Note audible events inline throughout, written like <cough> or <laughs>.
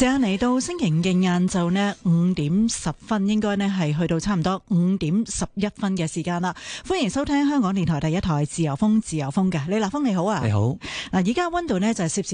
而家嚟到星期五嘅晏晝呢，五點十分應該呢係去到差唔多五點十一分嘅時間啦。歡迎收聽香港電台第一台《自由風》，自由風嘅李立峰你好啊！你好。嗱，而家溫度呢，就係攝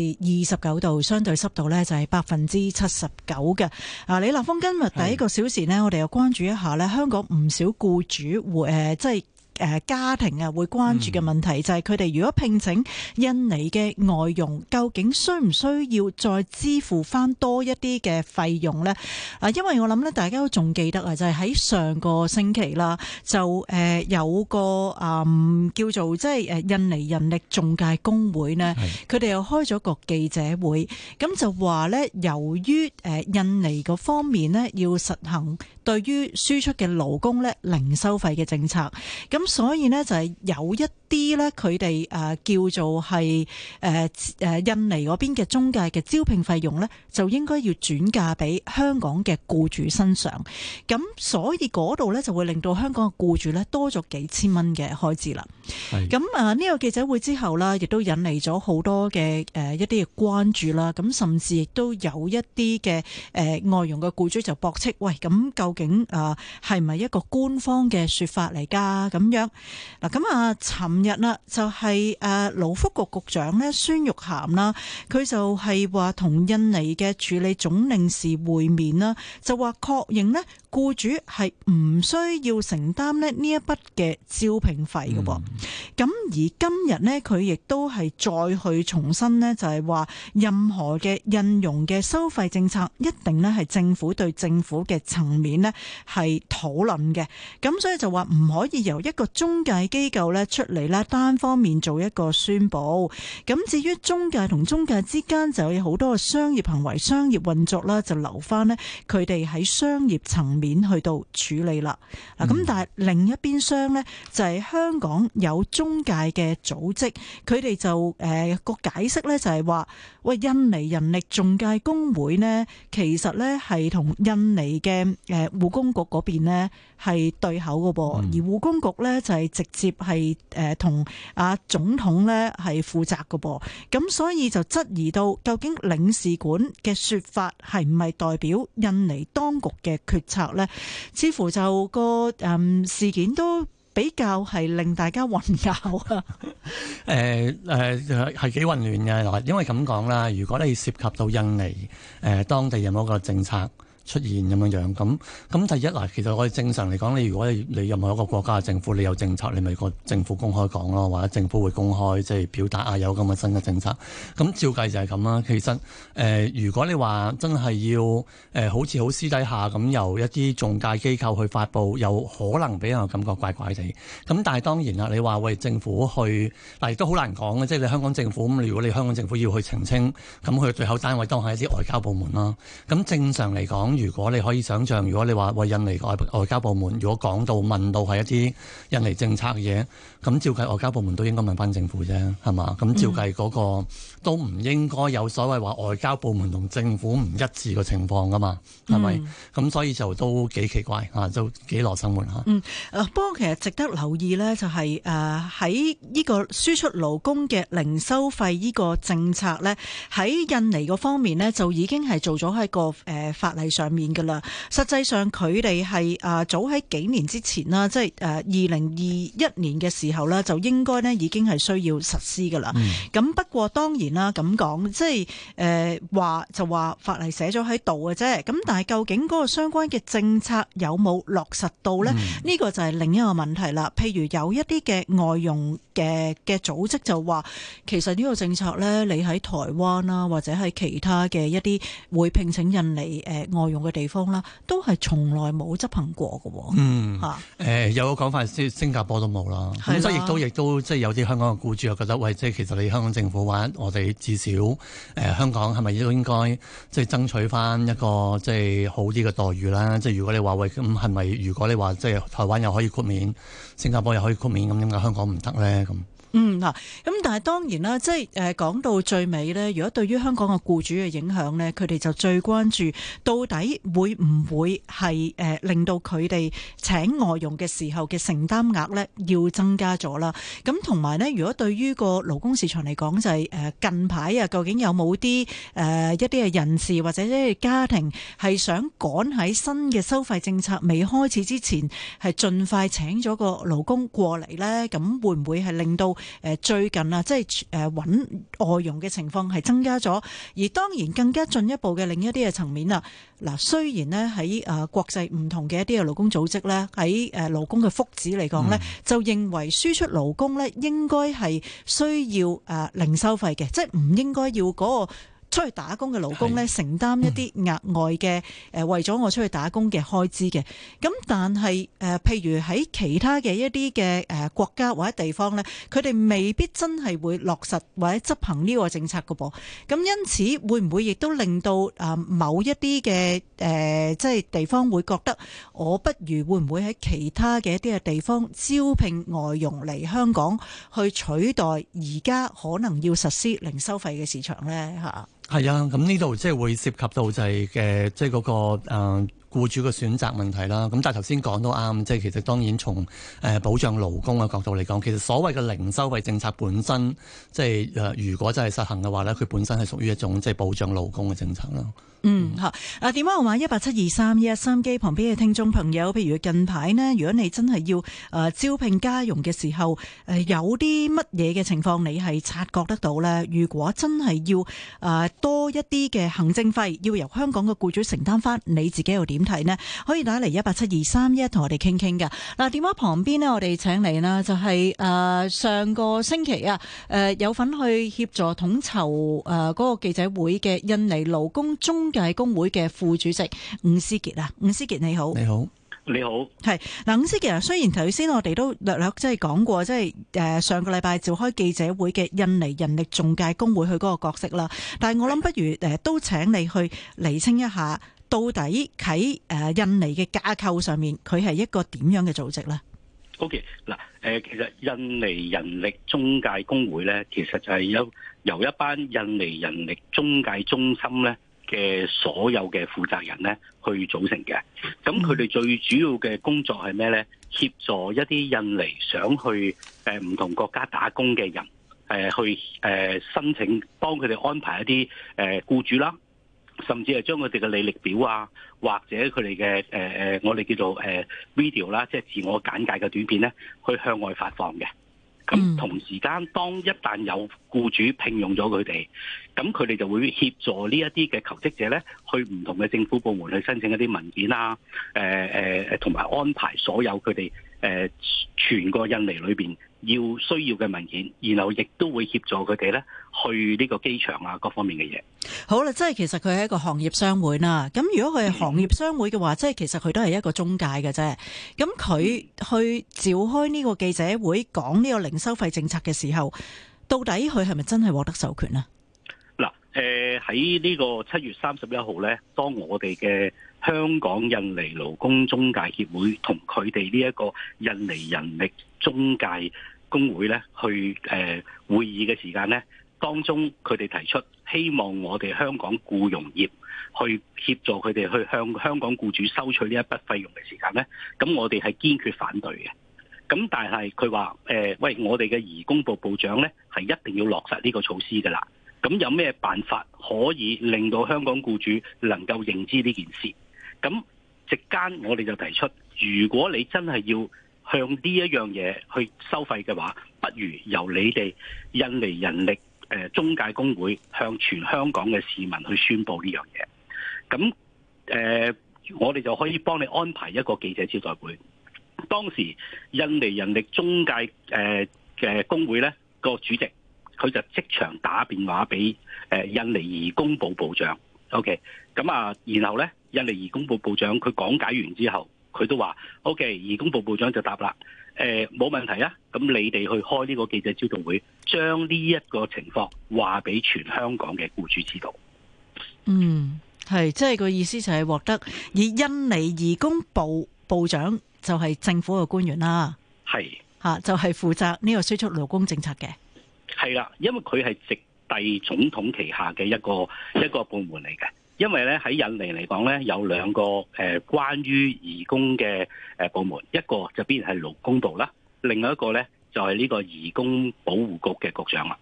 氏二十九度，相對濕度呢，就係百分之七十九嘅。啊，李立峰今日第一個小時呢，我哋又關注一下呢，香港唔少僱主會誒，即、呃、係。就是誒家庭啊，會關注嘅問題、嗯、就係佢哋如果聘請印尼嘅外傭，究竟需唔需要再支付翻多一啲嘅費用呢？啊，因為我諗咧，大家都仲記得啊，就係、是、喺上個星期啦，就、呃、有個啊、呃、叫做即係誒印尼人力仲介工會呢，佢哋又開咗個記者會，咁就話呢，由於誒、呃、印尼個方面呢，要實行，對於輸出嘅勞工呢，零收費嘅政策，咁所以呢，就係、是、有一啲呢，佢哋誒叫做係、呃、印尼嗰邊嘅中介嘅招聘費用呢，就應該要轉嫁俾香港嘅僱主身上，咁所以嗰度呢，就會令到香港嘅僱主呢多咗幾千蚊嘅開支啦。咁是啊，呢、這個記者會之後啦，亦都引嚟咗好多嘅誒、呃、一啲嘅關注啦。咁甚至亦都有一啲嘅誒外傭嘅僱主就駁斥，喂，咁究竟啊係咪一個官方嘅說法嚟噶咁樣嗱，咁啊，尋、啊、日啦就係誒勞福局局長呢孫玉菡啦，佢就係話同印尼嘅處理總領事會面啦，就話確認呢僱主係唔需要承擔呢一筆嘅招聘費㗎喎。嗯咁而今日呢，佢亦都係再去重申，呢就係話任何嘅印傭嘅收費政策，一定呢係政府對政府嘅層面呢係討論嘅。咁所以就話唔可以由一個中介機構呢出嚟呢，單方面做一個宣佈。咁至於中介同中介之間就有好多嘅商業行為、商業運作啦，就留翻呢佢哋喺商業層面去到處理啦。嗱、嗯，咁但係另一邊廂呢，就係香港。有中介嘅組織，佢哋就誒、呃那個解釋呢，就係話：喂，印尼人力仲介工會呢，其實呢係同印尼嘅誒護工局嗰邊呢係對口㗎噃，而護工局呢，就係、是、直接係誒同啊總統呢係負責㗎噃。咁所以就質疑到，究竟領事館嘅説法係唔係代表印尼當局嘅決策呢？似乎就個誒、嗯、事件都。比較係令大家混淆啊！誒誒係幾混亂嘅，因為咁講啦，如果你涉及到印尼誒、呃、當地有冇一個政策？出現咁樣樣咁咁第一嗱，其實我哋正常嚟講你如果你任何一個國家嘅政府，你有政策，你咪個政府公開講咯，或者政府會公開即係表達啊，有咁嘅新嘅政策。咁照計就係咁啦。其實、呃、如果你話真係要、呃、好似好私底下咁，由一啲中介機構去發布，有可能俾人感覺怪怪地。咁但係當然啦，你話喂政府去嗱，亦都好難講嘅，即係你香港政府咁。如果你香港政府要去澄清，咁佢最後單位當係一啲外交部門啦。咁正常嚟講。如果你可以想象，如果你話喂印尼外外交部門，如果講到問到係一啲印尼政策嘅嘢。咁照計，外交部門都應該問翻政府啫，係嘛？咁照計嗰個都唔應該有所謂話外交部門同政府唔一致嘅情況噶嘛？係咪？咁、嗯、所以就都幾奇怪嚇，都幾羅生門嚇。嗯，不過其實值得留意呢，就係誒喺呢個輸出勞工嘅零收費呢個政策呢，喺印尼個方面呢，就已經係做咗喺個誒法例上面㗎啦。實際上佢哋係誒早喺幾年之前啦，即係誒二零二一年嘅時候。後咧就應該咧已經係需要實施噶啦。咁、嗯、不過當然啦，咁講即係誒話就話法例寫咗喺度嘅啫。咁但係究竟嗰個相關嘅政策有冇落實到呢？呢、嗯、個就係另一個問題啦。譬如有一啲嘅外傭嘅嘅組織就話，其實呢個政策呢，你喺台灣啦，或者喺其他嘅一啲會聘請印尼誒外傭嘅地方啦，都係從來冇執行過嘅。嗯吓，誒、啊呃、有個講法，先新加坡都冇啦。所以亦都亦都即係有啲香港嘅僱主又覺得，喂，即係其實你香港政府話，我哋至少誒、呃、香港係咪都應該即係爭取翻一個即係好啲嘅待遇啦？即係如果你話喂，咁係咪如果你話即係台灣又可以豁免，新加坡又可以豁免，咁點解香港唔得咧？咁？嗯啊，咁但係當然啦，即係誒講到最尾咧，如果對於香港嘅僱主嘅影響咧，佢哋就最關注到底會唔會係誒令到佢哋請外傭嘅時候嘅承擔額咧要增加咗啦。咁同埋咧，如果對於個勞工市場嚟講，就係、是、誒近排啊，究竟有冇啲誒一啲嘅、呃、人士或者咧家庭係想趕喺新嘅收費政策未開始之前，係盡快請咗個勞工過嚟咧？咁會唔會係令到？誒最近啊，即係誒揾外傭嘅情況係增加咗，而當然更加進一步嘅另一啲嘅層面啊，嗱雖然呢喺誒國際唔同嘅一啲嘅勞工組織咧，喺誒勞工嘅福祉嚟講咧，嗯、就認為輸出勞工咧應該係需要誒零收費嘅，即係唔應該要嗰、嗰個。出去打工嘅勞工咧，承擔一啲額外嘅，誒為咗我出去打工嘅開支嘅。咁但係誒、呃、譬如喺其他嘅一啲嘅誒國家或者地方咧，佢哋未必真係會落實或者執行呢個政策嘅噃。咁因此會唔會亦都令到啊某一啲嘅誒即係地方會覺得我不如會唔會喺其他嘅一啲嘅地方招聘外傭嚟香港去取代而家可能要實施零收費嘅市場咧？吓。係啊，咁呢度即係會涉及到就係、是、嘅，即係嗰個誒。呃雇主嘅選擇問題啦，咁但係頭先講都啱，即係其實當然從誒保障勞工嘅角度嚟講，其實所謂嘅零收費政策本身，即係誒如果真係實行嘅話咧，佢本身係屬於一種即係保障勞工嘅政策啦。嗯，好。啊，電話號碼一八七二三一一，收音機旁邊嘅聽眾朋友，譬如近排呢，如果你真係要誒、呃、招聘家傭嘅時候，誒、呃、有啲乜嘢嘅情況你係察覺得到咧？如果真係要誒、呃、多一啲嘅行政費要由香港嘅僱主承擔翻，你自己又點？題呢可以打嚟一八七二三一同我哋傾傾㗎。嗱，電話旁邊呢，我哋請嚟啦，就係、是、誒、呃、上個星期啊，誒、呃、有份去協助統籌誒嗰個記者會嘅印尼勞工中介工會嘅副主席伍斯傑啊，伍斯傑你好，你好，你好，係嗱，伍斯傑啊，雖然頭先我哋都略略即係講過，即係誒上個禮拜召開記者會嘅印尼人力中介工會去嗰個角色啦，但係我諗不如誒都請你去釐清一下。到底喺印尼嘅架構上面，佢係一個點樣嘅組織呢？OK 嗱，okay. 誒其實印尼人力中介工會咧，其實就係由由一班印尼人力中介中心咧嘅所有嘅負責人咧去組成嘅。咁佢哋最主要嘅工作係咩咧？協助一啲印尼想去誒唔同國家打工嘅人誒去誒申請，幫佢哋安排一啲誒僱主啦。甚至係將佢哋嘅履歷表啊，或者佢哋嘅誒誒，我哋叫做誒、呃、video 啦，即係自我簡介嘅短片咧，去向外發放嘅。咁同時間，當一旦有僱主聘用咗佢哋，咁佢哋就會協助呢一啲嘅求職者咧，去唔同嘅政府部門去申請一啲文件啦、啊，誒誒同埋安排所有佢哋誒全個印尼裏面要需要嘅文件，然後亦都會協助佢哋咧去呢個機場啊，各方面嘅嘢。好啦，即係其實佢係一個行業商會啦。咁如果佢係行業商會嘅話， <laughs> 即係其實佢都係一個中介嘅啫。咁佢去召開呢個記者會講呢個零收費政策嘅時候，到底佢係咪真係獲得授權啊？嗱、呃，誒喺呢個七月三十一號咧，當我哋嘅香港印尼勞工中介協會同佢哋呢一個印尼人力中介工會咧，去誒、呃、會議嘅時間咧，當中佢哋提出希望我哋香港雇傭業去協助佢哋去向香港雇主收取呢一筆費用嘅時間咧，咁我哋係堅決反對嘅。咁但係佢話誒，喂，我哋嘅移工部部長咧係一定要落實呢個措施噶啦。咁有咩辦法可以令到香港雇主能夠認知呢件事？咁席間我哋就提出，如果你真係要向呢一樣嘢去收費嘅話，不如由你哋印尼人力誒中介工會向全香港嘅市民去宣布呢樣嘢。咁誒，我哋就可以幫你安排一個記者招待會。當時印尼人力中介誒嘅工會呢個主席，佢就即場打電話俾誒印尼移工部部長。O.K. 咁啊，然後咧，印尼移工部部長佢講解完之後，佢都話，OK，移工部部長就答啦，誒、呃，冇問題啊。咁你哋去開呢個記者招待會，將呢一個情況話俾全香港嘅僱主知道。嗯，係，即係個意思就係獲得，以印尼移工部部長就係政府嘅官員啦，係是，吓就係負責呢個輸出勞工政策嘅。係啦，因為佢係直隸總統旗下嘅一個一個部門嚟嘅。因為咧喺印尼嚟講咧，有兩個誒關於移工嘅誒部門，一個就必然係勞工部啦，另外一個咧就係呢個移工保護局嘅局長啦。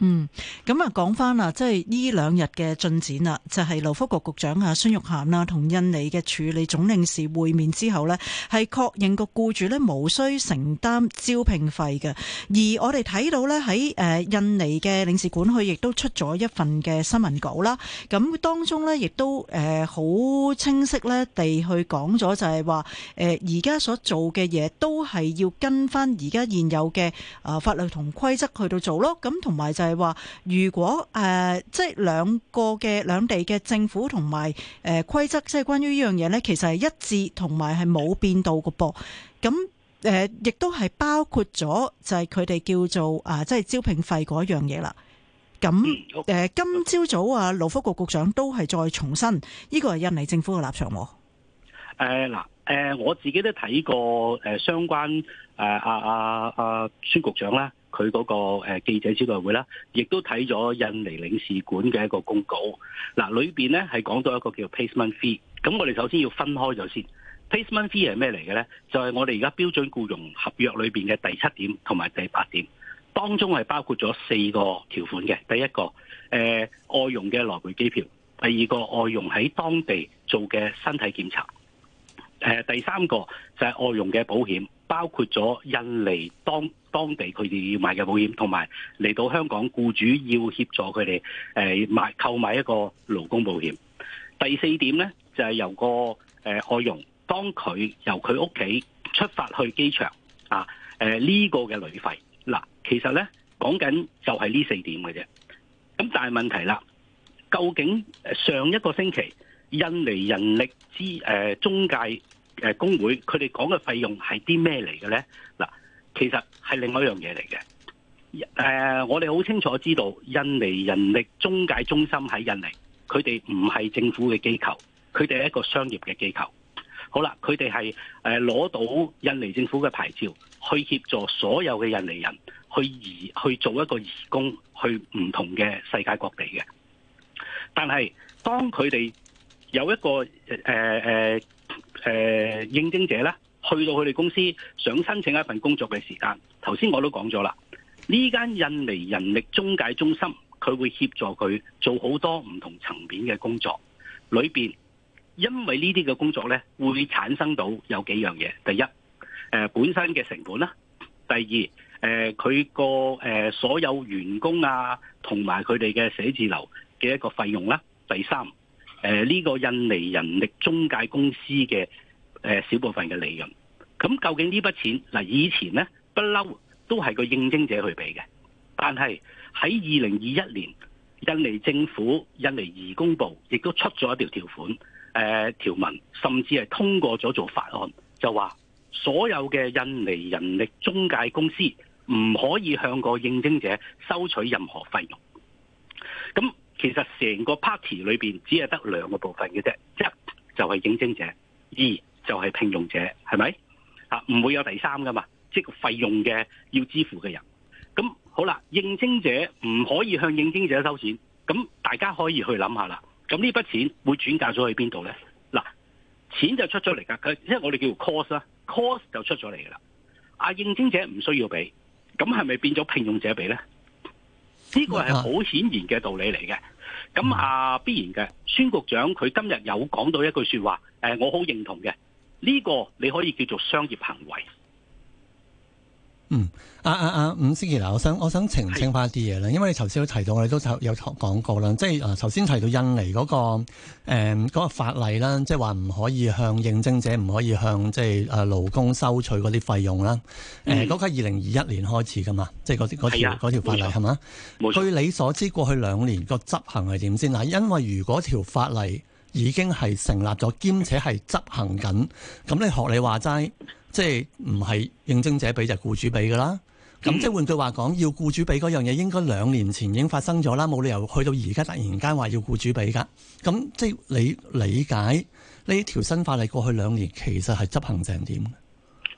嗯，咁啊，講翻啦，即係呢兩日嘅進展啦，就係、是、勞福局局長啊孫玉菡啦，同印尼嘅處理總領事會面之後呢，係確認個僱主呢無需承擔招聘費嘅。而我哋睇到呢，喺誒印尼嘅領事館，佢亦都出咗一份嘅新聞稿啦。咁當中呢，亦都誒好清晰呢地去講咗，就係話誒而家所做嘅嘢都係要跟翻而家現有嘅啊法律同規則去到做咯。咁同埋就是。係話如果誒、呃，即係兩個嘅兩地嘅政府同埋誒規則，即、呃、係關於呢樣嘢呢，其實係一致同埋係冇變到嘅噃。咁誒，亦、呃、都係包括咗就係佢哋叫做啊，即係招聘費嗰樣嘢啦。咁誒、呃，今朝早啊，勞福局局長都係再重申，呢個係印尼政府嘅立場。誒嗱、呃、誒、呃、我自己都睇過誒、呃、相關誒阿阿阿孫局長啦，佢嗰個誒記者招待會啦，亦都睇咗印尼領事館嘅一個公告。嗱，裏邊咧係講到一個叫 placement fee。咁我哋首先要分開咗先，placement fee 係咩嚟嘅咧？就係、是、我哋而家標準僱傭合約裏邊嘅第七點同埋第八點，當中係包括咗四個條款嘅。第一個誒、呃、外傭嘅來回機票，第二個外傭喺當地做嘅身體檢查，誒、呃、第三個就係、是、外傭嘅保險。包括咗印尼當當地佢哋要買嘅保險，同埋嚟到香港僱主要協助佢哋誒買購買一個勞工保險。第四點呢，就係、是、由個誒、呃、外傭當佢由佢屋企出發去機場啊，誒、呃、呢、這個嘅旅費嗱、啊，其實呢講緊就係呢四點嘅啫。咁但係問題啦，究竟上一個星期印尼人力資誒、呃、中介？誒工會佢哋講嘅費用係啲咩嚟嘅呢？嗱，其實係另外一樣嘢嚟嘅。誒、呃，我哋好清楚知道，印尼人力中介中心喺印尼，佢哋唔係政府嘅機構，佢哋係一個商業嘅機構。好啦，佢哋係誒攞到印尼政府嘅牌照，去協助所有嘅印尼人去移去做一個移工去唔同嘅世界各地嘅。但係當佢哋有一個誒誒、呃呃誒、呃、應徵者咧，去到佢哋公司想申請一份工作嘅時間，頭先我都講咗啦。呢間印尼人力中介中心，佢會協助佢做好多唔同層面嘅工作。裏面，因為呢啲嘅工作咧，會產生到有幾樣嘢。第一，呃、本身嘅成本啦；第二，誒佢個誒所有員工啊，同埋佢哋嘅寫字樓嘅一個費用啦；第三。誒，呢個印尼人力中介公司嘅誒，小部分嘅利潤，咁究竟呢筆錢嗱？以前呢不嬲都係個應徵者去俾嘅，但係喺二零二一年，印尼政府印尼移工部亦都出咗一條條款誒條文，甚至係通過咗做法案，就話所有嘅印尼人力中介公司唔可以向個應徵者收取任何費用，咁。其實成個 party 裏邊只係得兩個部分嘅啫，一就係應徵者，二就係聘用者，係咪？啊，唔會有第三噶嘛，即係費用嘅要支付嘅人。咁好啦，應徵者唔可以向應徵者收錢，咁大家可以去諗下啦。咁呢筆錢會轉嫁咗去邊度咧？嗱、啊，錢就出咗嚟噶，因為我哋叫 cost 啦，cost 就出咗嚟噶啦。阿應徵者唔需要俾，咁係咪變咗聘用者俾咧？呢個係好顯然嘅道理嚟嘅，咁啊必然嘅。孫局長佢今日有講到一句說話，誒、呃，我好認同嘅。呢、這個你可以叫做商業行為。嗯，啊啊啊伍思琪嗱，我想我想澄清翻一啲嘢啦，的因為你頭先都提到，我哋都有講講過啦，即係啊頭先提到印尼嗰、嗰個誒嗰、嗯嗰個、法例啦，即係話唔可以向應徵者唔可以向即係誒勞工收取嗰啲費用啦。誒嗰、嗯、個二零二一年開始噶嘛，即係嗰啲嗰條法例係嘛？冇錯。據你所知，過去兩年個執行係點先嗱？因為如果條法例已經係成立咗，兼且係執行緊，咁你學你話齋。即係唔係應徵者俾就係僱主俾噶啦，咁即係換句話講，要僱主俾嗰樣嘢，應該兩年前已經發生咗啦，冇理由去到而家突然間話要僱主俾噶。咁即係你理解呢條新法例過去兩年其實係執行成點？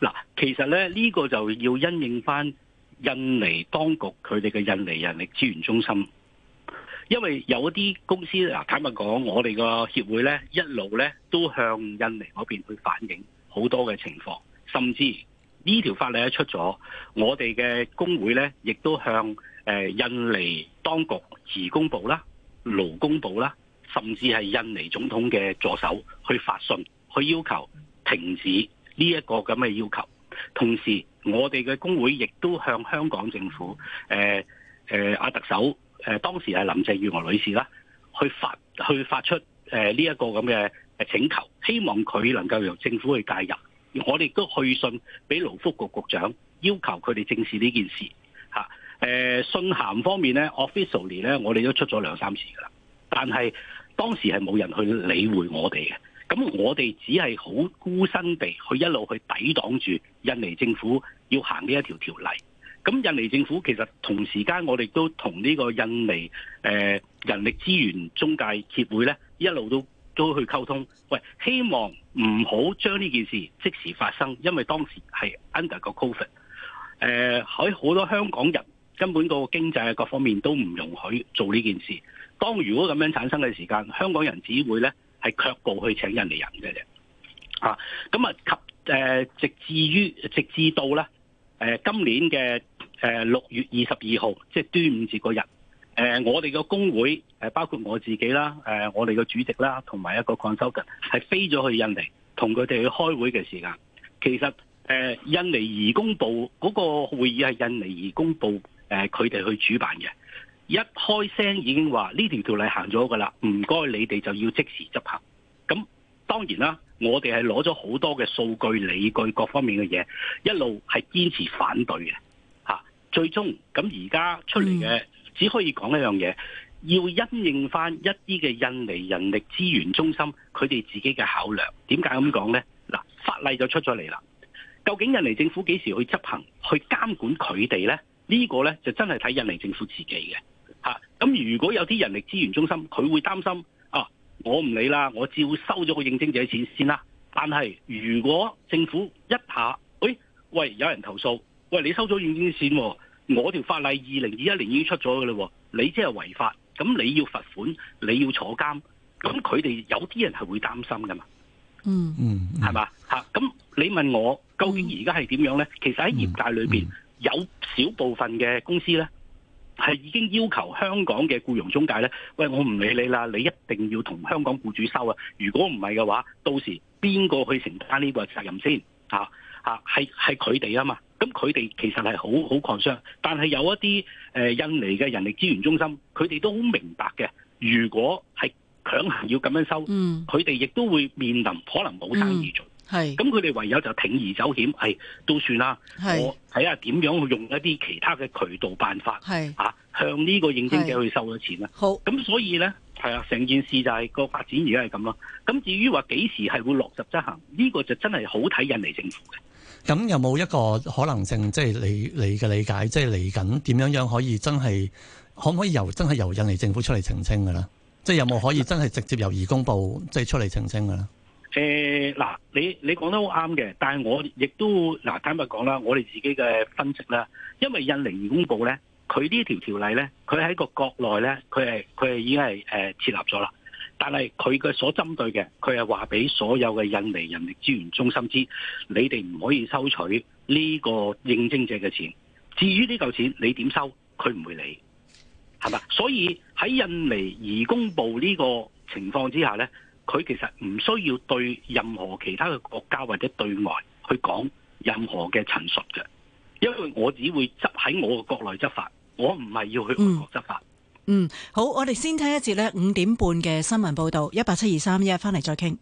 嗱，其實咧呢個就要因應翻印尼當局佢哋嘅印尼人力資源中心，因為有一啲公司坦白講，我哋個協會咧一路咧都向印尼嗰邊去反映好多嘅情況。甚至呢條法例一出咗，我哋嘅工會呢亦都向誒、呃、印尼當局辭工部啦、勞工部啦，甚至係印尼總統嘅助手去發信，去要求停止呢一個咁嘅要求。同時，我哋嘅工會亦都向香港政府，誒誒阿特首，誒、呃、當時係林鄭月娥女士啦，去發去發出呢一、呃這個咁嘅請求，希望佢能夠由政府去介入。我哋都去信俾勞福局局長，要求佢哋正視呢件事嚇。誒信函方面咧，officially 咧，我哋都出咗兩三次噶啦。但係當時係冇人去理會我哋嘅，咁我哋只係好孤身地去一路去抵擋住印尼政府要行呢一條條例。咁印尼政府其實同時間我哋都同呢個印尼誒人力資源中介協會咧一路都。都去溝通，喂，希望唔好將呢件事即時發生，因為當時係 under 個 COVID，喺、呃、好多香港人根本個經濟各方面都唔容許做呢件事。當如果咁樣產生嘅時間，香港人只會咧係卻步去請人嚟人嘅啫。咁啊及、呃、直至於直至到咧、呃、今年嘅誒六月二十二號，即係端午節嗰日。誒，我哋嘅工會誒，包括我自己啦，誒，我哋個主席啦，同埋一個礦修嘅 consultant，係飛咗去印尼，同佢哋去開會嘅時間，其實誒、呃，印尼移工部嗰、那個會議係印尼移工部誒，佢、呃、哋去主辦嘅，一開聲已經話呢條條例行咗㗎喇，唔該你哋就要即時執行。咁當然啦，我哋係攞咗好多嘅數據、理據各方面嘅嘢，一路係堅持反對嘅，吓、啊，最終咁而家出嚟嘅。嗯只可以講一樣嘢，要因應翻一啲嘅印尼人力資源中心佢哋自己嘅考量。點解咁講呢？嗱，法例就出咗嚟啦。究竟印尼政府幾時去執行、去監管佢哋呢？呢、呢個呢，就真係睇印尼政府自己嘅吓咁、啊、如果有啲人力資源中心，佢會擔心啊，我唔理啦，我照收咗個認證者錢先啦。但係如果政府一下，喂、哎、喂，有人投訴，喂你收咗認證錢喎、啊。我條法例二零二一年已經出咗嘅喇喎。你即係違法，咁你要罰款，你要坐監，咁佢哋有啲人係會擔心噶嘛？嗯嗯，係嘛吓？咁你問我究竟而家係點樣咧？其實喺業界裏邊有少部分嘅公司咧，係已經要求香港嘅僱傭中介咧，喂，我唔理你啦，你一定要同香港僱主收啊！如果唔係嘅話，到時邊個去承擔呢個責任先？係係係佢哋啊嘛？咁佢哋其實係好好擴商，但係有一啲誒、呃、印尼嘅人力資源中心，佢哋都好明白嘅。如果係強行要咁樣收，佢哋亦都會面臨可能冇生意做。咁佢哋唯有就鋌而走險，係、哎、都算啦。是我睇下點樣去用一啲其他嘅渠道辦法，是啊、向呢個應徵者去收咗錢啦。好，咁所以呢，係啊，成件事就係、是、個發展而家係咁啦。咁至於話幾時係會落實執行，呢、這個就真係好睇印尼政府嘅。咁有冇一個可能性，即係你你嘅理解，即係你緊點樣樣可以真係，可唔可以由真係由印尼政府出嚟澄清㗎啦？即係有冇可以真係直接由移工部即係出嚟澄清㗎啦？誒嗱，你你講得好啱嘅，但係我亦都嗱，坦白講啦，我哋自己嘅分析啦，因為印尼移工部咧，佢呢條條例咧，佢喺個國內咧，佢係佢係已經係誒設立咗啦。但係佢嘅所針對嘅，佢係話俾所有嘅印尼人力資源中心知，你哋唔可以收取呢個應徵者嘅錢。至於呢嚿錢你點收，佢唔會理，係嘛？所以喺印尼移工部呢個情況之下呢，佢其實唔需要對任何其他嘅國家或者對外去講任何嘅陳述嘅，因為我只會喺我嘅國內執法，我唔係要去外國執法。嗯。嗯，好，我哋先聽一節咧五點半嘅新聞報道，一八七二三一，翻嚟再傾。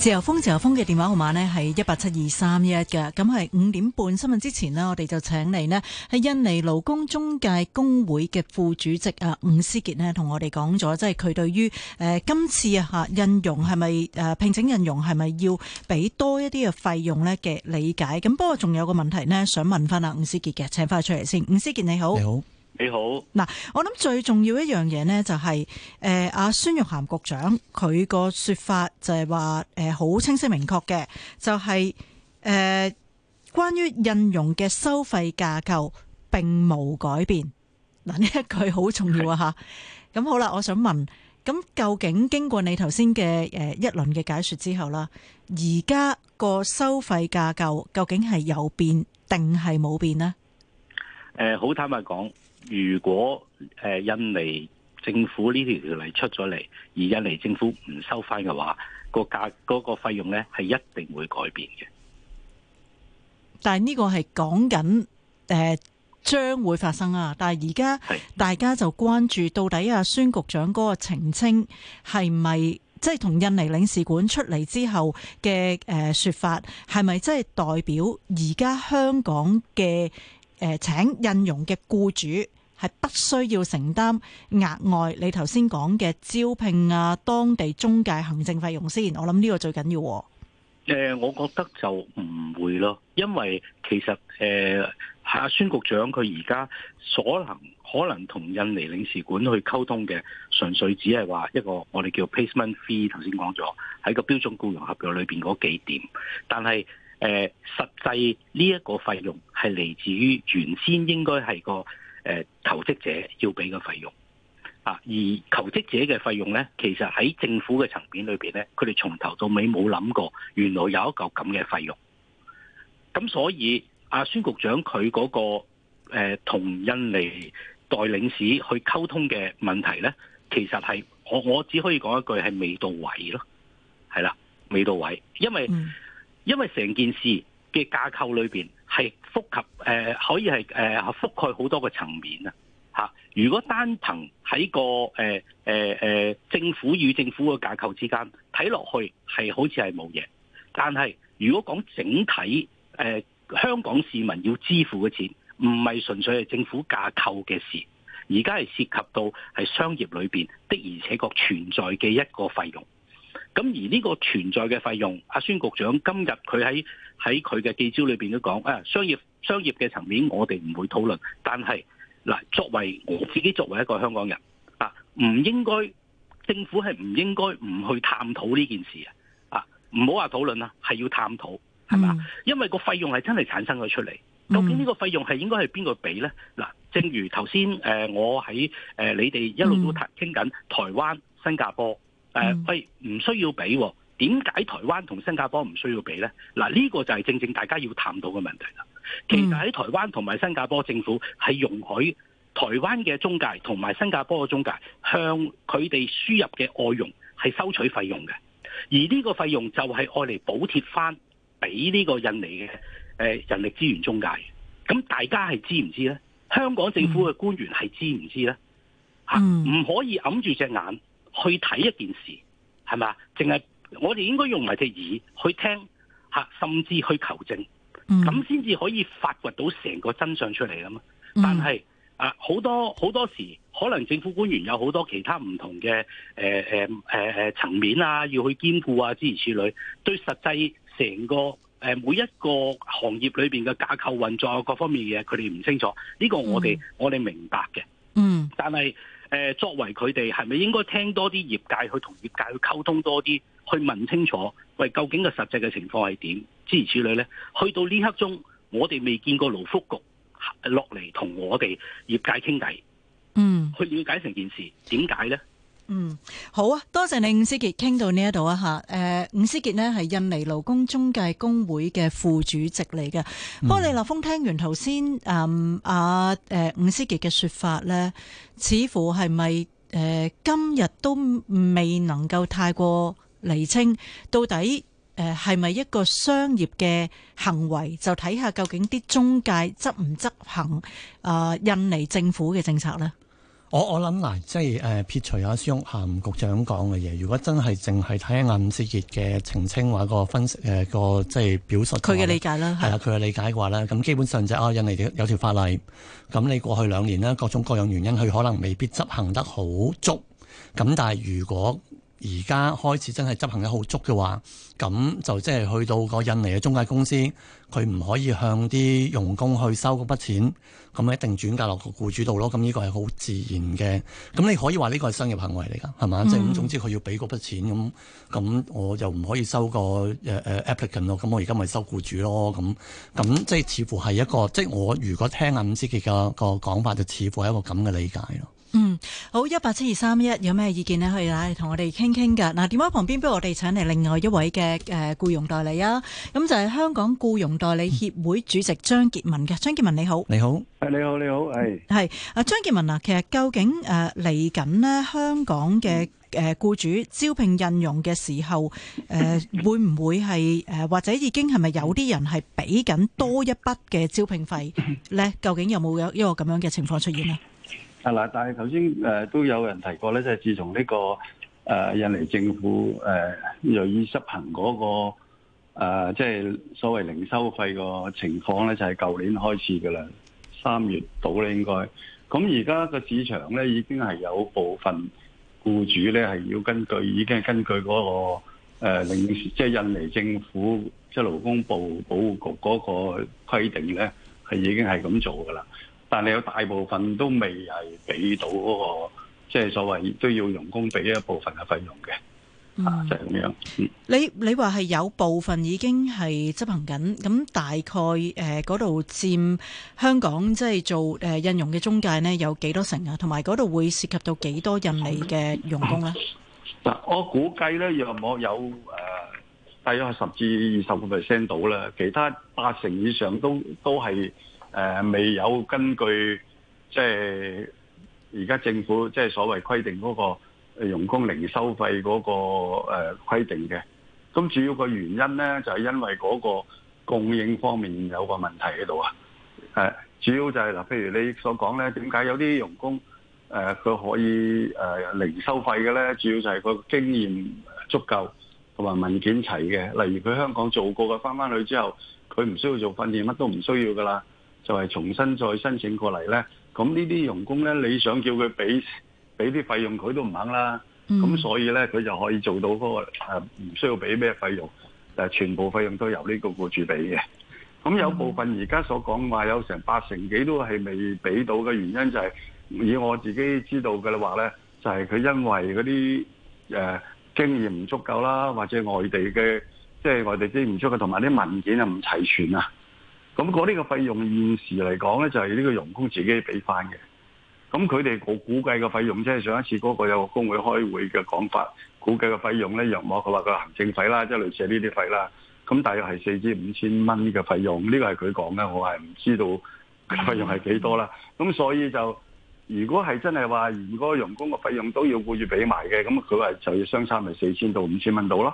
自由風，自由風嘅電話號碼呢係一八七二三一一嘅，咁係五點半新聞之前啦，我哋就請嚟呢喺，印尼勞工中介工會嘅副主席啊，伍斯傑呢同我哋講咗，即係佢對於誒、呃、今次啊吓印傭係咪誒聘請印傭係咪要俾多一啲嘅費用呢嘅理解，咁不過仲有個問題呢，想問翻啊，伍斯傑嘅，請返佢出嚟先，伍斯傑你好。你好。你好嗱，啊，我諗最重要一樣嘢呢，就係誒阿孫玉菡局長佢個說法就係話誒好清晰明確嘅，就係、是、誒、呃、關於印傭嘅收費架構並冇改變嗱呢，啊、一句好重要是啊吓，咁好啦，我想問咁究竟經過你頭先嘅誒一輪嘅解說之後啦，而家個收費架構究竟係有變定係冇變呢？誒、呃，好坦白講。如果誒印尼政府呢條條例出咗嚟，而印尼政府唔收翻嘅話，個價嗰個費用咧係一定會改變嘅。但係呢個係講緊誒將會發生啊！但係而家大家就關注到底啊孫局長嗰個澄清係咪即係同印尼領事館出嚟之後嘅誒說法係咪真係代表而家香港嘅？誒請印傭嘅雇主係不需要承擔額外，你頭先講嘅招聘啊、當地中介行政費用先，我諗呢個最緊要。誒、呃，我覺得就唔會咯，因為其實誒係阿孫局長佢而家所能可能同印尼領事館去溝通嘅，純粹只係話一個我哋叫 placement fee，頭先講咗喺個標準雇用合約裏邊嗰幾點，但係，誒，實際呢一個費用係嚟自於原先應該係個誒求職者要俾嘅費用啊，而求職者嘅費用咧，其實喺政府嘅層面裏邊咧，佢哋從頭到尾冇諗過，原來有一嚿咁嘅費用。咁所以阿孫局長佢嗰個誒同印尼代領事去溝通嘅問題咧，其實係我我只可以講一句係未到位咯，係啦，未到位，因為。嗯因為成件事嘅架構裏邊係覆及誒、呃，可以係誒、呃、覆蓋好多個層面啊！嚇，如果單憑喺個誒誒誒政府與政府嘅架構之間睇落去是，係好似係冇嘢。但係如果講整體誒、呃、香港市民要支付嘅錢，唔係純粹係政府架構嘅事，而家係涉及到係商業裏邊的而且確存在嘅一個費用。咁而呢個存在嘅費用，阿、啊、孫局長今日佢喺喺佢嘅記招裏邊都講，誒、啊，商業商業嘅層面我哋唔會討論，但係嗱，作為我自己作為一個香港人啊，唔應該政府係唔應該唔去探討呢件事啊，啊，唔好話討論啦，係要探討係嘛，嗯、因為個費用係真係產生咗出嚟，究竟呢個費用係應該係邊個俾咧？嗱，正如頭先誒，我喺誒、呃、你哋一路都傾緊、嗯、台灣、新加坡。誒，嗯、喂，唔需要俾，哦，點解台灣同新加坡唔需要俾呢？嗱，啊，呢，這個就係正正大家要探討嘅問題啦。其實喺台灣同埋新加坡政府係容許台灣嘅中介同埋新加坡嘅中介向佢哋輸入嘅外傭係收取費用嘅，而呢個費用就係愛嚟補貼翻俾呢個印尼嘅誒人力資源中介。咁大家係知唔知呢？香港政府嘅官員係知唔知呢？吓，嗯，唔可以揞住隻眼。去睇一件事，係咪？淨係我哋應該用埋隻耳去聽吓，甚至去求證，咁先至可以發掘到成個真相出嚟噶嘛。但係、mm. 啊，好多好多時，可能政府官員有好多其他唔同嘅誒誒誒誒層面啊，要去兼顧啊，諸如此類。對實際成個誒、呃、每一個行業裏邊嘅架構運作各方面嘅嘢，佢哋唔清楚呢、個我哋，mm. 我哋我哋明白嘅。嗯、mm.，但係。作為佢哋係咪應該聽多啲業界去同業界去溝通多啲，去問清楚，喂，究竟個實際嘅情況係點？諸如此類呢？去到呢刻中，我哋未見過勞福局落嚟同我哋業界傾偈，嗯、去了解成件事點解呢？嗯，好啊，多謝你伍斯杰傾到呢一度啊，吓，誒，伍斯杰咧係、呃、印尼勞工中介工會嘅副主席嚟嘅。不過你立峰聽完頭先，誒、嗯、啊，誒、啊、伍斯杰嘅說法咧，似乎係咪誒今日都未能夠太過厘清，到底誒係咪一個商業嘅行為，就睇下究竟啲中介執唔執行啊印尼政府嘅政策咧？我我諗嗱、啊，即係誒、呃、撇除阿孫玉菡局長講嘅嘢，如果真係淨係睇下伍斯傑嘅澄清或者個分析誒個、呃呃、即係表述，佢嘅理解啦，係啊，佢嘅理解嘅話咧，咁基本上就啊、是哦，印尼有條法例，咁你過去兩年呢，各種各樣原因，佢可能未必執行得好足，咁但係如果，而家開始真係執行得好足嘅話，咁就即係去到個印尼嘅中介公司，佢唔可以向啲傭工去收嗰筆錢，咁咪一定轉嫁落個僱主度咯。咁呢個係好自然嘅。咁你可以話呢個係商業行為嚟㗎，係嘛？即係、嗯、總之佢要俾嗰筆錢，咁咁我又唔可以收個 applicant 咯。咁我而家咪收僱主咯。咁咁即係似乎係一個，即係我如果聽阿伍斯傑嘅個講法，就似乎係一個咁嘅理解咯。好，一八七二三一有咩意見呢，可以嚟，同我哋傾傾噶。嗱，電話旁邊，不如我哋請嚟另外一位嘅，誒僱傭代理啊。咁就係香港僱傭代理協會主席張結民嘅。張結民，你好，你好，誒你好你好，係，係啊，張結民啊，其實究竟誒嚟緊咧，香港嘅誒雇主招聘印傭嘅時候，誒、啊、會唔會係誒或者已經係咪有啲人係俾緊多一筆嘅招聘費咧？究竟有冇有一個咁樣嘅情況出現啊？但係頭先誒都有人提過咧，即係自從呢個誒印尼政府誒有意執行嗰個即係所謂零收費個情況咧，就係舊年開始嘅啦，三月到啦應該。咁而家個市場咧已經係有部分僱主咧係要根據已經根據嗰個誒即係印尼政府即係勞工部保護局嗰個規定咧，係已經係咁做嘅啦。但係有大部分都未係俾到嗰個，即係所謂都要傭工俾一部分嘅費用嘅，啊就係咁樣。你你話係有部分已經係執行緊，咁大概誒嗰度佔香港即係做誒印傭嘅中介咧，有幾多成啊？同埋嗰度會涉及到幾多印尼嘅傭工咧？嗱，我估計咧，有冇有誒係啊十至二十個 percent 到啦，其他八成以上都都係。誒、呃，未有根據即係而家政府即係所謂規定嗰個傭工零收費嗰、那個誒規、呃、定嘅。咁主要個原因咧，就係、是、因為嗰個供應方面有個問題喺度啊。誒，主要就係、是、嗱，譬如你所講咧，點解有啲傭工誒佢、呃、可以誒、呃、零收費嘅咧？主要就係個經驗足夠同埋文件齊嘅。例如佢香港做過嘅，返返去之後，佢唔需要做訓練，乜都唔需要㗎喇。就係重新再申請過嚟咧，咁呢啲傭工咧，你想叫佢俾俾啲費用，佢都唔肯啦。咁、嗯、所以咧，佢就可以做到嗰、那個唔需要俾咩費用，全部費用都由呢個僱主俾嘅。咁有部分而家所講話有成八成幾都係未俾到嘅原因、就是，就係以我自己知道嘅話咧，就係、是、佢因為嗰啲誒經驗唔足夠啦，或者外地嘅即係外地支援唔足嘅，同埋啲文件又唔齊全啊。咁嗰啲嘅費用現時嚟講咧，就係呢個傭工自己俾翻嘅。咁佢哋我估計嘅費用即係上一次嗰個有個工會開會嘅講法，估計嘅費用咧，又有佢話個行政費啦，即係類似呢啲費啦，咁大約係四至五千蚊嘅費用。呢個係佢講嘅，我係唔知道費用係幾多啦。咁所以就如果係真係話，如果傭工嘅費用都要顧住俾埋嘅，咁佢話就要相差咪四千到五千蚊到咯。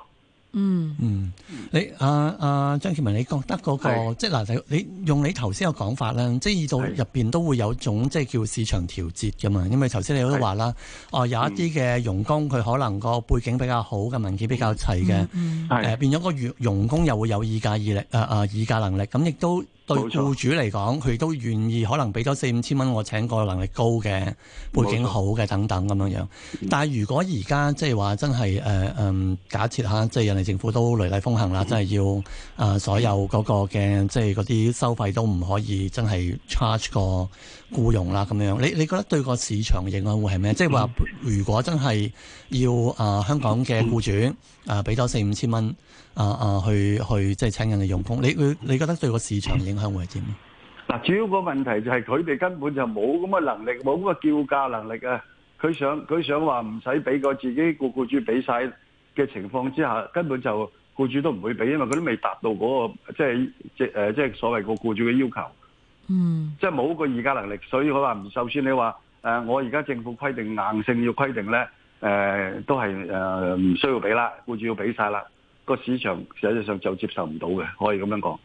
嗯嗯，mm. mm. 你啊啊張結民，你覺得嗰、那個的即嗱、啊，你你用你頭先嘅講法啦，即係意圖入面都會有種的即係叫市場調節咁嘛。因為頭先你都話啦，哦的、啊、有一啲嘅傭工佢可能個背景比較好嘅文件比較齊嘅，誒、mm. 呃、變咗個傭工又會有議價議力啊啊、呃、議價能力咁亦都。對僱主嚟講，佢都願意可能俾多四五千蚊，我請個能力高嘅背景好嘅等等咁樣樣。錯但係如果而家即係話真係誒嗯，假設嚇即係人哋政府都雷厲風行啦，嗯、真係要啊、呃、所有嗰個嘅即係嗰啲收費都唔可以真係 charge 個僱用僱傭啦咁樣。你你覺得對個市場嘅影響會係咩？嗯、即係話如果真係要啊、呃、香港嘅僱主啊俾多四五千蚊。呃啊啊，去去即係、就是、請人嚟用工，你佢你覺得對個市場影響會係點？嗱，主要個問題就係佢哋根本就冇咁嘅能力，冇咁嘅叫價能力啊！佢想佢想話唔使俾個自己個僱主俾晒嘅情況之下，根本就僱主都唔會俾，因為佢都未達到嗰、那個即係即誒即係所謂個僱主嘅要求。嗯，即係冇個議價能力，所以我話唔受。就算你話誒、啊，我而家政府規定硬性要規定咧，誒、啊、都係誒唔需要俾啦，僱主要俾晒啦。個市場實際上就接受唔到嘅，可以咁樣講。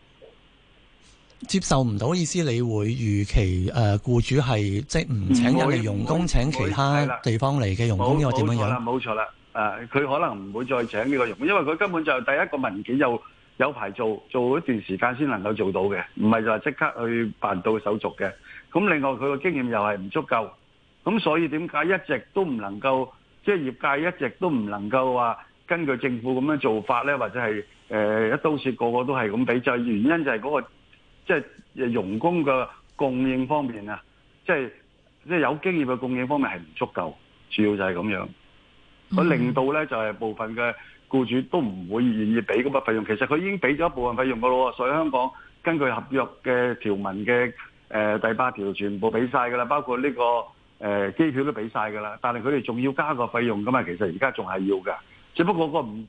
接受唔到意思，你會預期誒，僱主係即唔請我哋傭工，請其他地方嚟嘅傭工，又點樣樣？冇錯啦，冇錯啦。誒，佢可能唔會再請呢個傭工，因為佢根本就第一個文件又有排做，做一段時間先能夠做到嘅，唔係就話，即刻去辦到手續嘅。咁另外佢個經驗又係唔足夠，咁所以點解一直都唔能夠，即係業界一直都唔能夠話。根據政府咁樣做法咧，或者係誒、呃、一刀切，個個都係咁俾，就係、是、原因就係嗰、那個即係傭工嘅供應方面啊，即係即係有經驗嘅供應方面係唔足夠，主要就係咁樣。佢令到咧就係、是、部分嘅僱主都唔會願意俾嗰筆費用，其實佢已經俾咗一部分費用嘅咯喎。所以香港根據合約嘅條文嘅誒、呃、第八條，全部俾晒嘅啦，包括呢、這個誒、呃、機票都俾晒嘅啦。但係佢哋仲要加個費用嘅啊。其實而家仲係要嘅。只不過個唔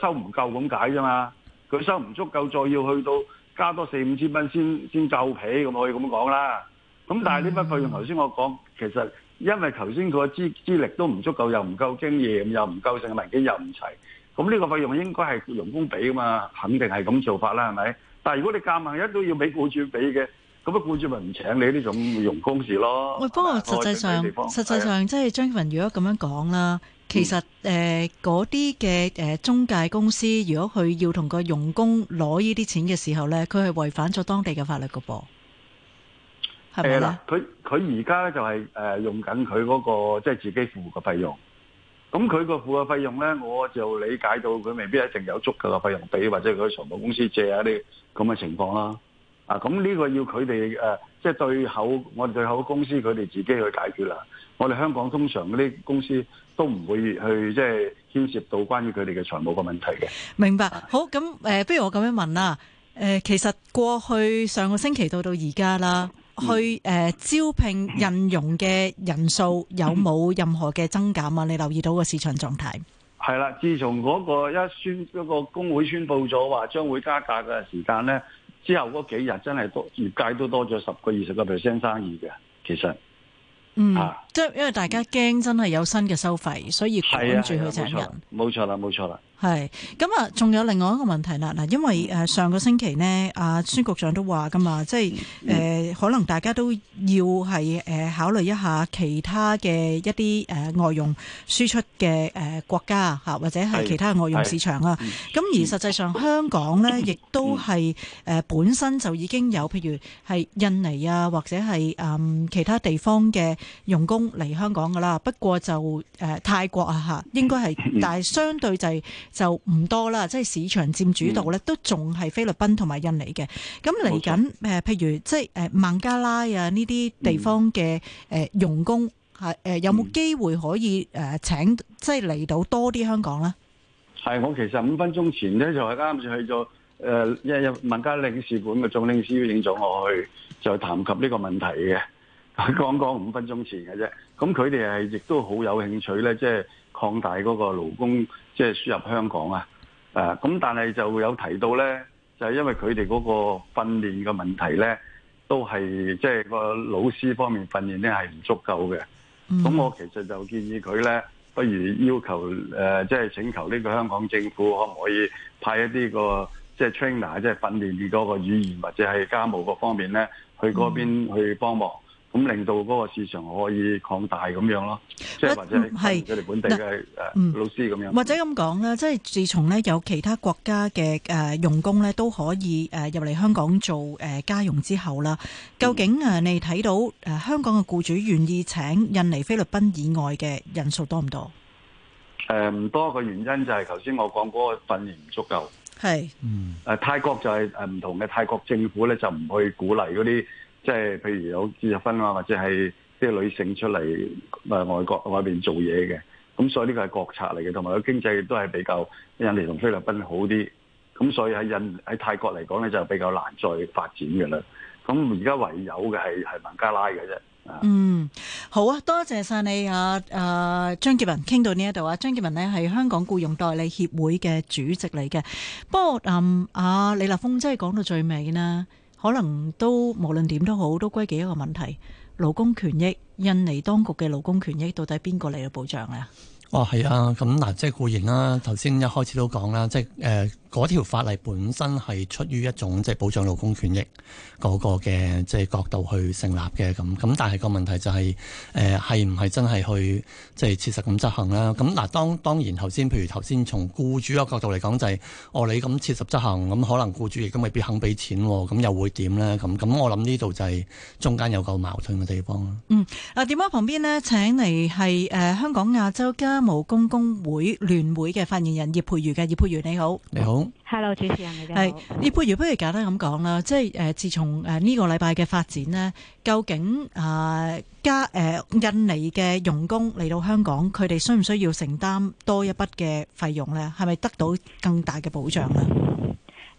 收唔夠咁解啫嘛，佢收唔足夠，再要去到加多四五千蚊先先夠皮，咁可以咁講啦。咁但係呢筆費用，頭先我講，其實因為頭先佢嘅資資歷都唔足夠，又唔夠經驗，又唔夠成文件又唔齊，咁呢個費用應該係傭工俾噶嘛，肯定係咁做法啦，係咪？但係如果你夾硬，一都要俾僱主俾嘅，咁啊僱主咪唔請你呢種傭工士咯。喂，不過實際上吧實際上，吧實際上即係張結民，如果咁樣講啦。嗯、其實誒，嗰啲嘅誒中介公司，如果佢要同個傭工攞呢啲錢嘅時候咧，佢係違反咗當地嘅法律嘅噃。係咪？佢佢而家咧就係誒用緊佢嗰個即係、就是、自己付嘅費用。咁佢個付嘅費用咧，我就理解到佢未必一定有足夠嘅費用俾，或者佢財務公司借一啲咁嘅情況啦。啊，咁呢個要佢哋誒即係對口我哋對口公司，佢哋自己去解決啦。我哋香港通常嗰啲公司都唔會去即係牽涉到關於佢哋嘅財務嘅問題嘅。明白，好咁，誒、呃、不如我咁樣問啦。誒、呃、其實過去上個星期到到而家啦，嗯、去誒、呃、招聘印傭嘅人數有冇任何嘅增減啊？你留意到個市場狀態，係啦，自從嗰個一宣、嗰、嗰個工會宣布咗話將會加價嘅時間咧，之後嗰幾日真係多業界都多咗十個二十個 percent 生意嘅，其實。嗯，啊、即係因為大家驚真係有新嘅收費，所以趕住去請人。冇錯啦，冇錯啦。係，咁啊，仲有另外一個問題啦，嗱，因為上個星期呢，阿孫局長都話㗎嘛，即係、呃、可能大家都要係考慮一下其他嘅一啲外傭輸出嘅誒國家或者係其他外傭市場啊。咁而實際上香港呢亦都係本身就已經有，譬如係印尼啊，或者係、嗯、其他地方嘅傭工嚟香港㗎啦。不過就、呃、泰國啊嚇，應該係，但係相對就係、是。就唔多啦，即係市場佔主導咧，都仲係菲律賓同埋印尼嘅。咁嚟緊，譬如即係孟加拉啊呢啲地方嘅誒用工，有冇機會可以誒請即係嚟到多啲香港啦？係，我其實五分鐘前呢，就係啱先去咗誒一孟加領事館嘅總領事邀請咗我去就去談及呢個問題嘅。講講五分鐘前嘅啫，咁佢哋係亦都好有興趣咧，即係擴大嗰個勞工即係輸入香港啊，誒、啊，咁但係就會有提到咧，就係、是、因為佢哋嗰個訓練嘅問題咧，都係即係個老師方面訓練咧係唔足夠嘅。咁、嗯、我其實就建議佢咧，不如要求誒，即、呃、係、就是、請求呢個香港政府可唔可以派一啲、那個即係、就是、trainer，即係訓練你嗰個語言或者係家務方面咧，去嗰邊去幫忙。嗯咁令到嗰個市場可以擴大咁樣咯，即係或者係本地嘅誒老師咁樣。或者咁講啦，即係自從咧有其他國家嘅誒用工咧都可以誒入嚟香港做誒家傭之後啦，究竟誒你睇到誒香港嘅僱主願意請印尼、菲律賓以外嘅人數多唔多？誒唔、嗯、多嘅原因就係頭先我講嗰個訓練唔足夠。係是，嗯。誒泰國就係誒唔同嘅泰國政府咧就唔去鼓勵嗰啲。即係譬如有結婚啊，或者係啲女性出嚟外國外面做嘢嘅，咁所以呢個係國策嚟嘅，同埋個經濟都係比較印尼同菲律賓好啲，咁所以喺印喺泰國嚟講咧就比較難再發展㗎啦。咁而家唯有嘅係係孟加拉嘅啫。嗯，好啊，多謝晒你啊誒張結民傾到呢一度啊，張結民呢係香港僱傭代理協會嘅主席嚟嘅。不過，嗯，啊李立峰真係講到最尾啦。可能都無論點都好，都歸結一個問題：勞工權益，印尼當局嘅勞工權益到底邊個嚟保障呢？哦，係啊！咁嗱、啊，即係固然啦，頭先一開始都講啦，即係誒。呃嗰條法例本身係出於一種即係保障勞工權益嗰個嘅即係角度去成立嘅咁，咁但係個問題就係誒係唔係真係去即係切實咁執行啦？咁嗱，當當然頭先譬如頭先從僱主嘅角度嚟講就係、是、哦，你咁切實執行，咁可能僱主亦都未必肯俾錢喎，咁又會點呢？咁咁我諗呢度就係中間有個矛盾嘅地方。嗯，啊電話、啊、旁邊呢，請嚟係誒香港亞洲家務工工會聯會嘅發言人葉沛渝嘅，葉沛渝你好。你好。嗯 Hello，主持人你好。係你，你不如不如簡單咁講啦，即係誒、呃，自從誒呢個禮拜嘅發展咧，究竟啊、呃、加誒、呃、印尼嘅傭工嚟到香港，佢哋需唔需要承擔多一筆嘅費用咧？係咪得到更大嘅保障咧？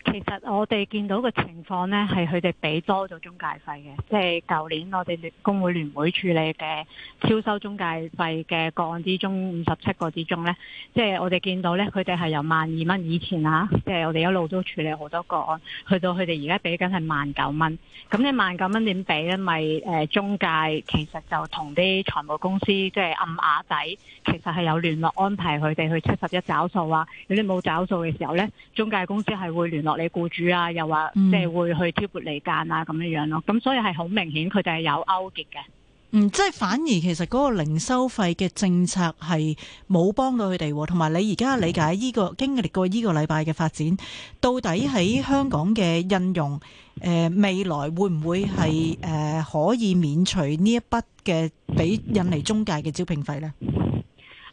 其實我哋見到嘅情況呢，係佢哋俾多咗中介費嘅。即係舊年我哋工會聯會處理嘅超收中介費嘅個案之中，五十七個之中呢，即係我哋見到呢，佢哋係由萬二蚊以前吓，即係我哋一路都處理好多個案，去到佢哋而家俾緊係萬九蚊。咁你萬九蚊點俾呢？咪誒中介其實就同啲財務公司即係暗啞底，其實係有聯絡安排佢哋去七十一找數啊。如果你冇找數嘅時候呢，中介公司係會聯絡。你雇主啊，又話即係會去挑撥離間啊咁樣樣咯。咁所以係好明顯佢哋係有勾結嘅。嗯，即係反而其實嗰個零收費嘅政策係冇幫到佢哋，同埋你而家理解呢、呢個經歷過呢個禮拜嘅發展，到底喺香港嘅印傭，誒、呃、未來會唔會係誒、呃、可以免除呢一筆嘅俾印尼中介嘅招聘費咧？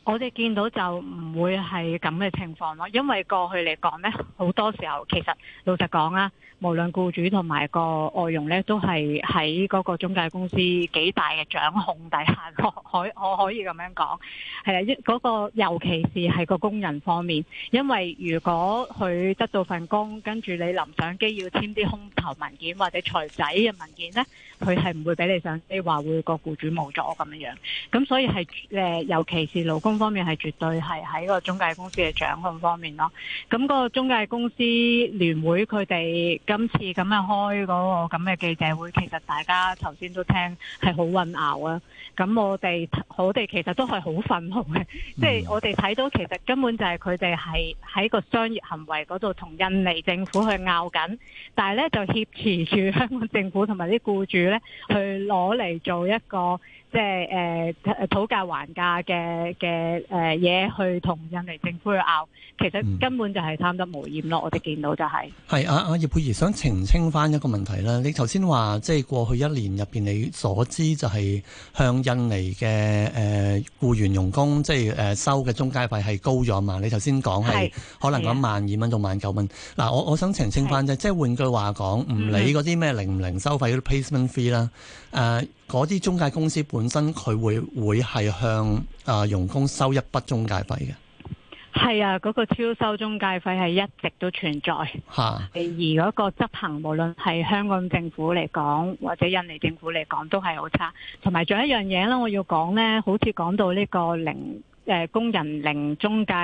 我哋見到就唔會係咁嘅情況咯，因為過去嚟講咧，好多時候其實老實講啊，無論僱主同埋個外傭咧，都係喺嗰個中介公司幾大嘅掌控底下，個可我可以咁樣講，係啊，嗰個尤其是係個工人方面，因為如果佢得到份工，跟住你臨上機要簽啲空頭文件或者財仔嘅文件咧，佢係唔會俾你上，你話會個僱主冇咗咁樣樣，咁所以係誒尤其是勞工方面係絕對係喺個中介公司嘅掌控方面咯，咁個中介公司聯會佢哋今次咁樣開嗰個咁嘅記者會，其實大家頭先都聽係好混淆啊！咁我哋我哋其實都係好憤怒嘅，即係我哋睇到其實根本就係佢哋係喺個商業行為嗰度同印尼政府去拗緊，但係呢就挾持住香港政府同埋啲僱主呢去攞嚟做一個。即係誒討價還價嘅嘅誒嘢，去同印尼政府去拗，其實根本就係貪得無厭咯。嗯、我哋見到就係、是、係啊，阿葉沛渝想澄清翻一個問題啦。你頭先話即係過去一年入邊你所知就係向印尼嘅誒、呃、僱員傭工即係誒收嘅中介費係高咗嘛？你頭先講係可能講萬二蚊到萬九蚊。嗱、啊啊，我我想澄清翻啫，即係換句話講，唔理嗰啲咩零唔零收費嗰啲 placement fee 啦、嗯，誒、啊。嗰啲中介公司本身佢會會係向啊傭、呃、工收一筆中介費嘅，係啊，嗰、嗰個超收中介費係一直都存在。哈而嗰個執行無論係香港政府嚟講或者印尼政府嚟講都係好差。同埋仲有，有一樣嘢咧，我要講咧，好似講到呢個零、呃、工人零中介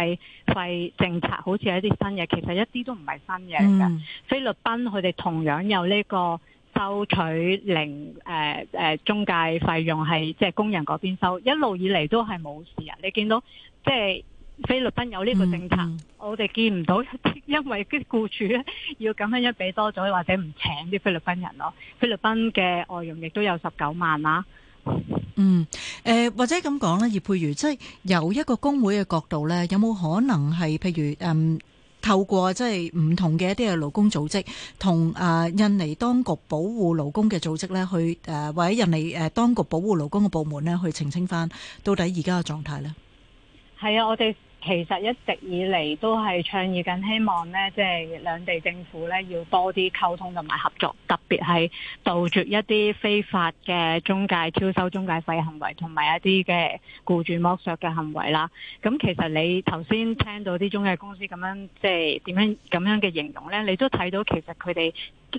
費政策，好似係一啲新嘢，其實一啲都唔係新嘢嚟、嗯、菲律賓佢哋同樣有呢、呢個。收取零誒誒中介費用係即係工人嗰邊收，一路以嚟都係冇事啊！你見到即係菲律賓有呢個政策，我哋見唔到因為啲僱主咧要咁樣一俾多咗，或者唔請啲菲律賓人咯。菲律賓嘅外佣亦都有十九萬啦。嗯，誒或者咁講咧，葉沛渝即係由一個工會嘅角度咧，有冇可能係譬如誒？透過即係唔同嘅一啲嘅勞工組織，同啊印尼當局保護勞工嘅組織咧，去誒或者印尼誒當局保護勞工嘅部門咧，去澄清翻到底而家嘅狀態咧。係啊，我哋。其實一直以嚟都係倡議緊，希望呢即係兩地政府呢要多啲溝通同埋合作，特別係杜絕一啲非法嘅中介超收中介費行為，同埋一啲嘅僱主剝削嘅行為啦。咁其實你頭先聽到啲中介公司咁樣即係點樣咁樣嘅形容呢？你都睇到其實佢哋。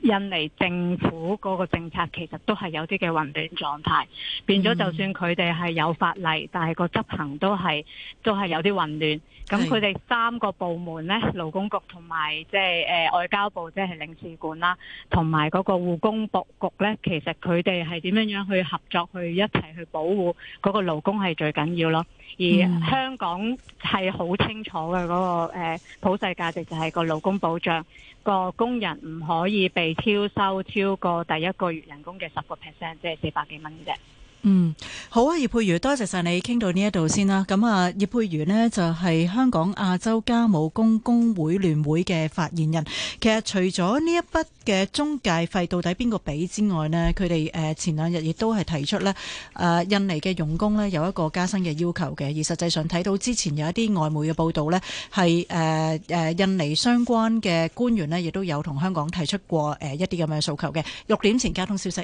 印尼政府嗰個政策其實都係有啲嘅混亂狀態，變咗就算佢哋係有法例，但係個執行都係都係有啲混亂。咁佢哋三個部門咧，勞工局同埋即係誒外交部即係、即係、領事館啦，同埋嗰個護工部局咧，其實佢哋係點樣樣去合作去一齊去保護嗰個勞工係最緊要咯。而香港係好清楚嘅嗰、個誒普世價值就係個勞工保障，個工人唔可以。係超收超過第一個月人工嘅十個 percent，即係四百幾蚊啫。就是嗯，好啊，葉沛渝，多謝晒你傾到呢一度先啦。咁啊，葉沛渝咧就係、是、香港亞洲家務工工會聯會嘅發言人。其實除咗呢一筆嘅中介費到底邊個俾之外咧，佢哋誒前兩日亦都係提出咧誒、啊、印尼嘅傭工咧有一個加薪嘅要求嘅。而實際上睇到之前有一啲外媒嘅報道咧係誒誒印尼相關嘅官員咧亦都有同香港提出過誒一啲咁樣嘅訴求嘅。六點前交通消息。